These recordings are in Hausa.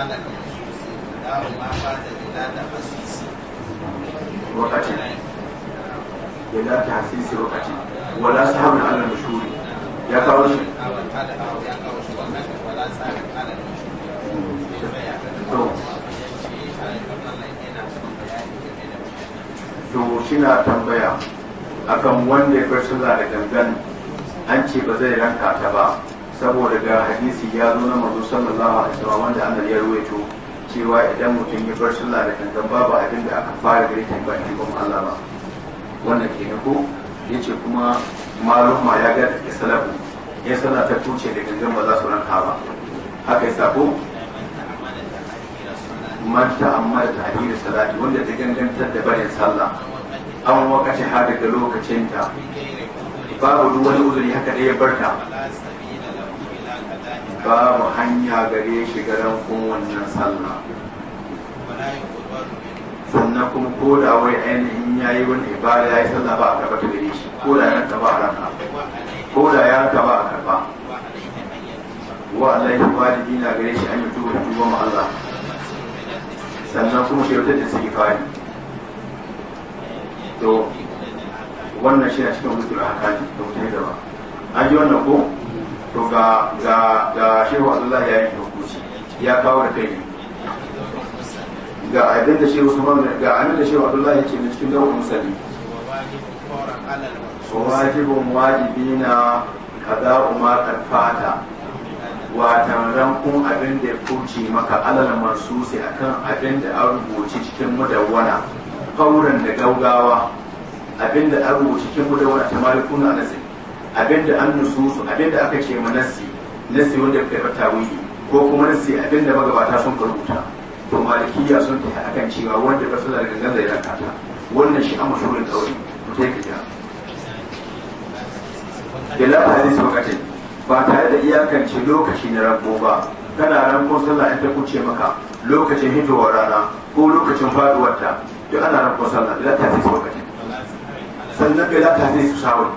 hana ka sosai ma ba da ila da asisi wakati da ta asisi wakati wala sahabin alal mashuri ya kawo shi ya to shi na tambaya akan wanda ya kai sallah da gangan an ce ba zai ranka ta ba saboda ga hadisi ya zo na mazo sallallahu alaihi wasallam wanda annabi ya ruwaito cewa idan mutum ya bar sallah da kankan babu abin da aka fara gare shi ba ki kuma Allah ba wannan kenan ko yace kuma malum ma ya ga salafu ya sallah ta tuce da gangan ba za su ranka ba haka yasa ko man da ta'hir salati wanda ta gangantar da barin sallah an wakaci har daga lokacin babu duk wani uzuri haka da ya barta babu hanya gare shi ga rankun wannan sallah sannan kuma ko da wai ainihin ya yi wani ibada ya yi sallah ba a karɓa ta gare shi ko da ya taba a ranka ko da ya taɓa a karɓa wa Allah ya wajibi dina gare shi an yi tuba tuba ma Allah sannan kuma shi wata da suke fari to wannan shi na cikin mutum a hakani da mutum da ba an ji wannan ko to ga ga ga shehu abdullahi ya yi hukunci ya kawo da kai ga abin da shehu usman ga abin da shehu abdullahi ya ce cikin dawo musali wajibun wajibina kaza umar fata watan rankun abin da ya kuce maka alal mansusi akan abin da an rubuci cikin mudawwana kauran da gaugawa abin da an rubuci cikin mudawwana ta malikuna na abinda an nususu abinda aka ce ma nassi nassi wanda ya kai tawili ko kuma nassi abinda magabata sun rubuta to malikiya sun ta akan cewa wanda ba su da gangan ya kata wannan shi a mashhurin kauli ku take ka bila hadisi wakatin ba tare da iyakance lokaci na rabbo ba kana ranko sallah in ta kuce maka lokacin hitowar rana ko lokacin faduwar ta duk ana ranko sallah da ta hadisi wakatin sannan bila ta su sawai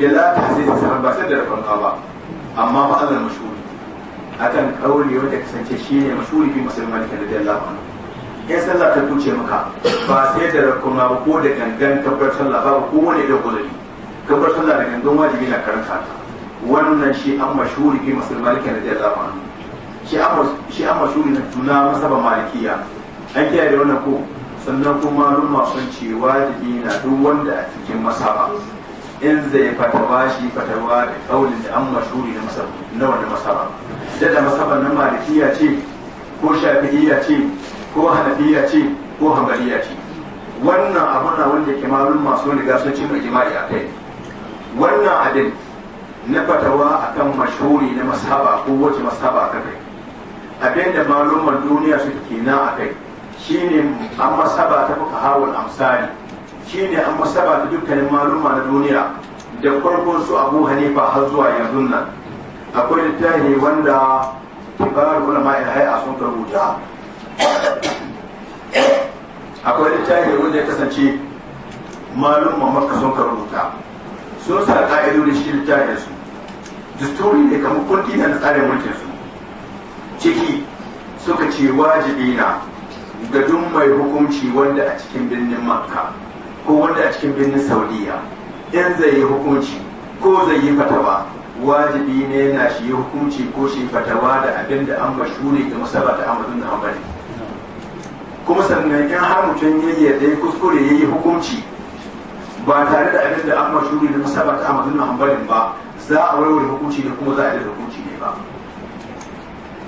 ila ta sai ta sanar ba sai da farka ba amma fa Allah mashuri akan kauri wanda kasance shine mashhuri bi musulman kan da Allah ba in sallah ta kuce maka ba sai da rakuma ba ko da gangan kabbar sallah ba ko wani da gulali kabbar sallah da gangan wajibi na karanta wannan shi an mashuri bi musulman kan da Allah ba shi an mashuri na tuna ba malikiya an kiyaye da wannan ko sannan kuma malum sun ce wajibi na duk wanda a cikin masaba in zai fatawa shi fatawa da kaulin da an mashuri na masaba na wani masaba da masaba na malikiya ce ko shafi'iyya ce ko hanafiya ce ko hanbaliya ce wannan abu na wanda ke malum masu riga sun ci mai jima'i a kai wannan abin na fatawa akan mashuri na masaba ko wace masaba ka kai abin da malumman duniya suke na a kai shine an masaba ta fuka hawal amsali shine an masaba ta dukkanin maluma na duniya da farkon su abu hanifa har zuwa yanzu nan akwai littafi wanda kibarar ulama ya haya sun rubuta akwai littafi wanda ya kasance maluma maka sun rubuta sun sa ka'idodi shi littafin su dustori ne kamar kundi na tsarin mulkin su ciki suka ce wajibi na ga duk mai hukunci wanda a cikin birnin makka ko wanda a cikin birnin saudiya in zai yi hukunci ko zai yi fatawa wajibi ne na shi yi hukunci ko shi fatawa da abin da an mashuri da musaba da amadu na ambali kuma sannan in har mutum ya yarda ya kuskure ya yi hukunci ba tare da abin da an mashuri da musaba da amadu na ambalin ba za a warware hukunci ne kuma za a yi hukunci ne ba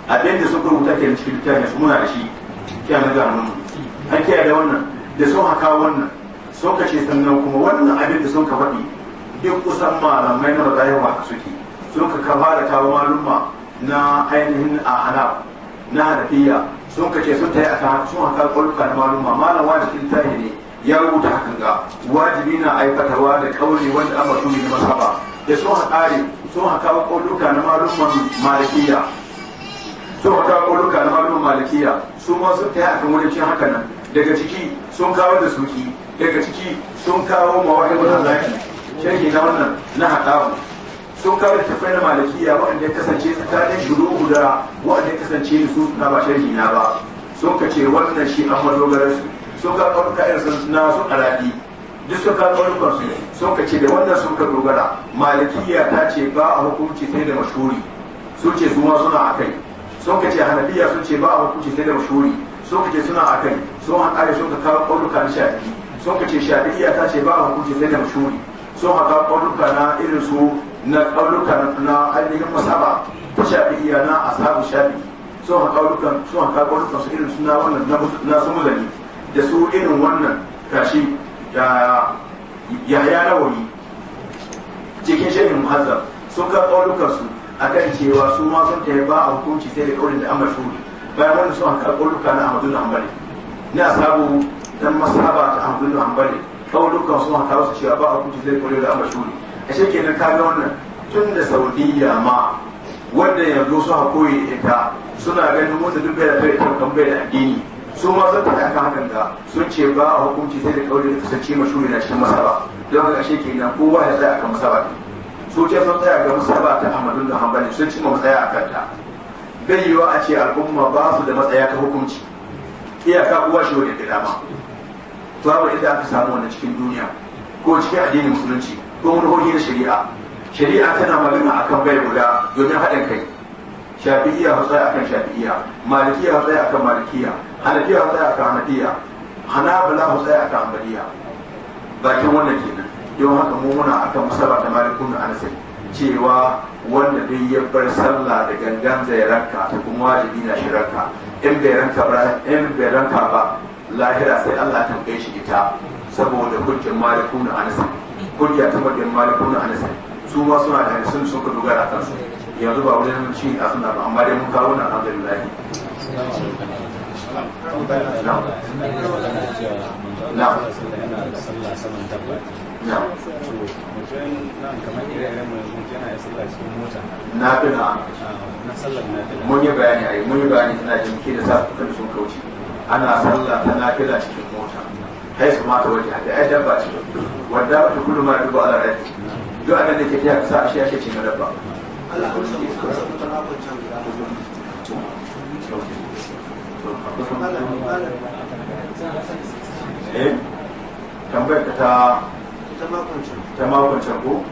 abin da suka rubuta ke cikin littafin su muna da shi kyanar na ganin an kiyaye da wannan da sun haka wannan sun ka ce sannan kuma wannan abin da sun ka faɗi duk kusan malamai na rayuwa haka suke sun ka kama da tawo malumma na ainihin a ana na harfiya sun ka ce sun ta yi a kan sun haka ƙwaruka na malumma malam wajibin tahi ne ya rubuta hakan ga wajibi na aikatawa da kauri wanda an mutum ne ba da sun haƙari sun haka ƙwaruka na malumman malikiya sun haka ƙwaruka na malumman malikiya su ma sun ta yi a kan wajen hakan nan daga ciki sun kawo da suki daga ciki sun kawo mawaƙin wannan zaki shirki na wannan na haƙawa sun kawo littattafai na malakiya waɗanda ya kasance tsakanin shuru guda waɗanda ya kasance su na ba shirki na ba sun ka ce wannan shi an madogararsu sun ka kawo ka'ir sun na sun alaɗi duk sun ka kawo rukansu sun ka ce da wannan sun ka dogara malakiya ta ce ba a hukunci sai da mashuri sun ce su ma suna a kai sun ka ce hanabiya sun ce ba a hukunci sai da mashuri sun ka ce suna a kai sun haƙari sun ka kawo ƙauruka na shafi sun ka ce shafi'iyya ta ce ba a hukunci sai da mashuri sun haka ƙaunuka na irin su na ƙaunuka na ainihin musaba ta shafi'iyya na asabu shafi sun haka ƙaunukan sun haka su irin su na wannan na su muzani da su irin wannan kashi da yaya wani cikin shehin muhazzab sun ka ƙaunukan su kan cewa su ma sun yi ba a hukunci sai da ƙaunin da an mashuri bayan wannan sun haka ƙaunuka na ahmadu na hamari na sabu dan masaba ta hanbali hanbali kaulukan sun haka su cewa ba a kuce zai kore da amashuri a shi kenan ka ga wannan tun da saudiya ma wanda yanzu su ha koyi ita suna ganin musu duk bai da ta ita kan bai da addini su ma sun ta haka hakan da sun ce ba a hukunci sai da kauli da kasance mashuri na cikin masaba don haka shi kenan kowa ya tsaya kan masaba su ce sun tsaya ga masaba ta Ahmadu da hanbali sun ce ma matsaya a kanta bai yiwa a ce al'umma ba su da matsaya ta hukunci iyaka uwa shi wani da dama to babu inda aka samu wannan cikin duniya ko cikin addinin musulunci ko manhoji na shari'a shari'a tana magana akan bai guda domin haɗin kai shafi'iyya hatsaya akan shafi'iyya malikiyya hatsaya akan malikiyya hanafiya hatsaya akan hanafiya hanabila hatsaya akan hanbaliya bakin wannan kenan don haka mu muna akan musaba da malikun anasai cewa wanda dai ya bar sallah da gangan zai ranka ta kuma wajibi na shi ranka in bai ranka ba in bai ranka ba lahira sai Allah kai shi ita saboda hujjar malikun anas hujja ta madin malikun anas su ma suna da sun suka dogara kan su yanzu ba wurin shi a suna ba amma dai mun kawo na alhamdulillah na na na mun yi bayani a yi mun yi bayani ina na na da sa na sun kauce ana sallah ta nafila cikin mota kai su mata waje da ai dabba ce wadda ta kudu mara duba ala rai duk nan da ke ta kusa a shi ake ce na dabba Allah kun san san mutan abin can guda eh tambayar ta ta makon can ko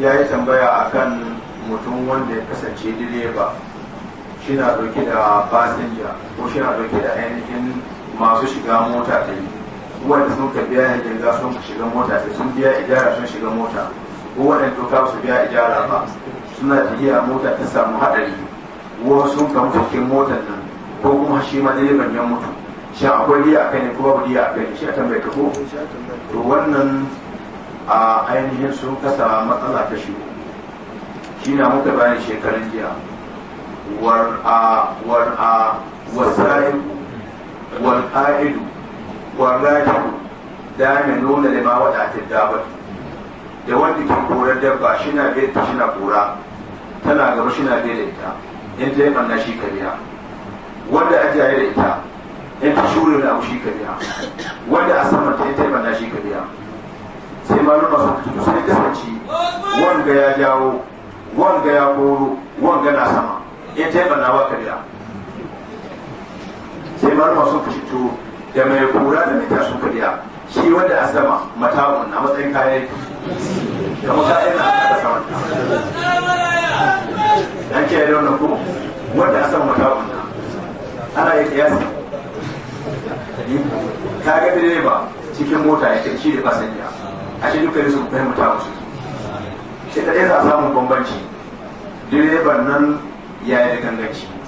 ya yi tambaya akan mutum wanda ya kasance direba Shina dauke da fasinja ko shina dauke da ainihin masu shiga mota ta yi wanda sun ka biya za sun shiga mota ta sun biya ijara sun shiga mota ko to ka su biya ijara ba suna iya mota ta samu haɗari wasu sun mutu cikin motar nan ko kuma shi ma direban ya mutu shi akwai riya a kai ko babu riya a kai shi a tambaye ka ko to wannan a ainihin sun kasa matsala ta shi shi na muka bayan shekaran jiya والسائل والقائد والراجع دائما nuna lima wadatar dabar da wanda ke korar dabba shi na bai ta shi na kora tana gaba shi na bai da ita in ta yi ɓanna shi kariya wanda a jaye da ita in ta shure na abu shi kariya wanda a saman ta yi ta yi ɓanna shi kariya sai malum masu tutu sai kasance wanga ya jawo wanga ya koro wanga na sama in ta yi banawa karya sai marma sun fito da mai kura da mai tashin karya shi wanda a sama matawun a matsayin kayan da kayan na kasa sama an ke da wannan kuma wanda a sama matawun na ana yi kiyasi ka ga direba cikin mota ya shi da fasinja a shi dukkanin su fahimta musu shi ta ɗaya za a samun bambanci direban nan ya yi ganganci in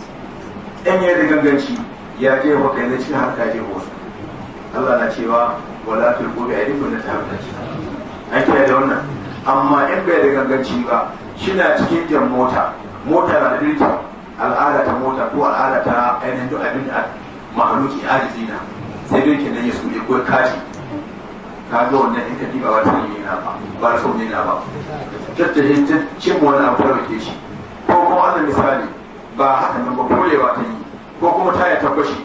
ya yi da ganganci ya je wa kai na cikin harka je wasu Allah na cewa wala tulqu bi ta la ce. an kiyaye da wannan amma in bai da ganganci ba shi na cikin jan mota mota na da birki al'ada ta mota ko al'ada ta ainihin duk abin da mahaluki ajizi na sai birkin nan ya ne ko kaji ka ga wannan in ka diba wata ne na ba ba so ne na ba tattalin cin wani abu da ke shi kuma wannan misali ba haka nan ba kolewa ta yi ko kuma ta yi tabbashi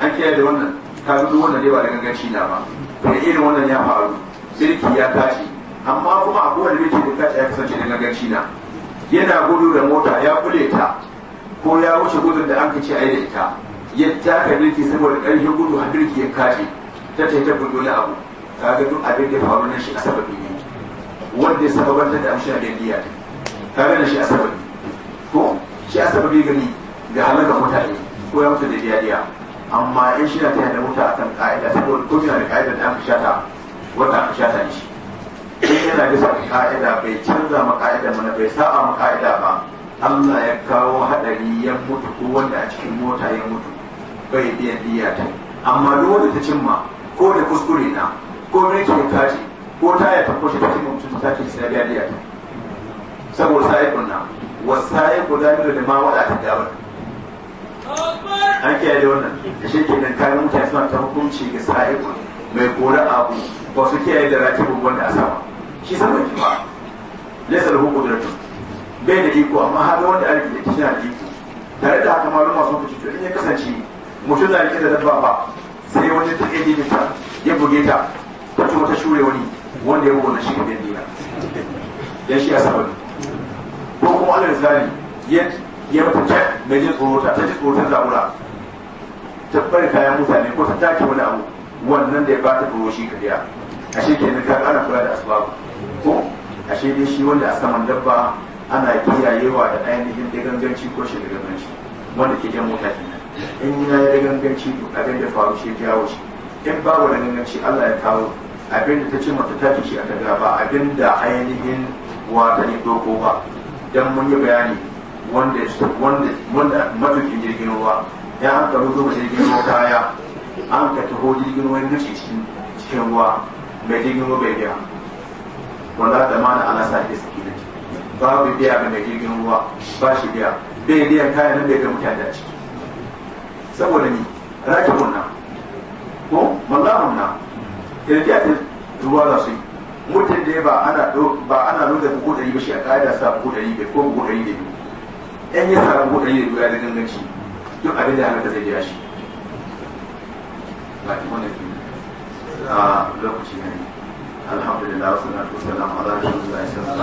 an kiyaye da wannan ka duk wannan dai ba da ganganci na ba to irin wannan ya faru birki ya tashi amma kuma a kowane birki da tashi ya kasance da ganganci na yana gudu da mota ya kule ta ko ya wuce gudun da an kace ai da ita ya taka birki saboda ƙarfin gudu har birki ya kashe ta ta ta gudu na abu kaga duk abin da faru na shi asababi ne wanda ya sababanta da amshi a dandiya kaga na shi asababi ko shi a sababi gani ga halaga mutane ko ya mutu da diyadiya amma in shi na ta da mutu a kan ka'ida saboda ko yana da ka'ida da aka shata wata aka shata ne shi in yana bisa ka'ida bai canza ma ka'ida mana bai sa'a ma ka'ida ba Allah ya kawo hadari ya mutu ko wanda a cikin mota ya mutu bai biyan diya ta amma duk wanda ta cimma ko da kuskure na ko mulki ya kaji ko ta ya tabbata ta cimma mutum ta ce sai biya diya ta saboda sai kunna wasaye ko da da ma wada ta gabar an kiyaye da wannan shi ke nan kayan mutane suna ta hukunci ga sai mai kore abu ba su kiyaye da ratibin wanda a sama shi sama ki ba laysa lahu qudratu bai da iko amma har wanda an da shi na da iko tare da haka malama sun fice to in ya kasance mutum na rike da dabba ba sai wani ta iya ta ya buge ta ta tuma ta shure wani wanda ya wona shi ne biya dan shi ya saba ko kuma alal zani ya ya fita mai jin tsoro ta ji tsoro ta zabura ta bari kayan mutane ko ta take wani abu wannan da ya ba ta tsoro shi kariya ashe kenan ka ana kula da asbabu ko ashe dai shi wanda a saman dabba ana kiyayewa da ainihin da ganganci ko shi da wanda ke jan mota kenan in yi na da ganganci to abin da faru shi jawo shi in ba wa ganganci Allah ya kawo abin da ta ce mata ta ce shi aka gaba abin da ainihin wata ne doko ba dan mun yi bayani wanda wanda wanda matukin jirgin ruwa ya an ka ruzo jirgin ruwa kaya an ka taho jirgin ruwa ya cikin cikin ruwa mai jirgin ruwa bai biya wanda da mana ana sa ke saki da babu biya ga mai jirgin ruwa ba shi biya bai biyan kayan nan bai ga mutane a ciki saboda ni raki wannan ko mallahun na irkiyatin ruwa za su yi mutum da ba ana ba ana nuna bugu ɗari ba shi a ƙa'ida sa bugu ɗari bai ko bugu ɗari da biyu ɗan ya sara bugu ɗari da biyu ya da ganganci duk abin da halatta zai biya shi ba ki wani fi a lokaci ne alhamdulillah wasu na tusa na ma'azar shi da ya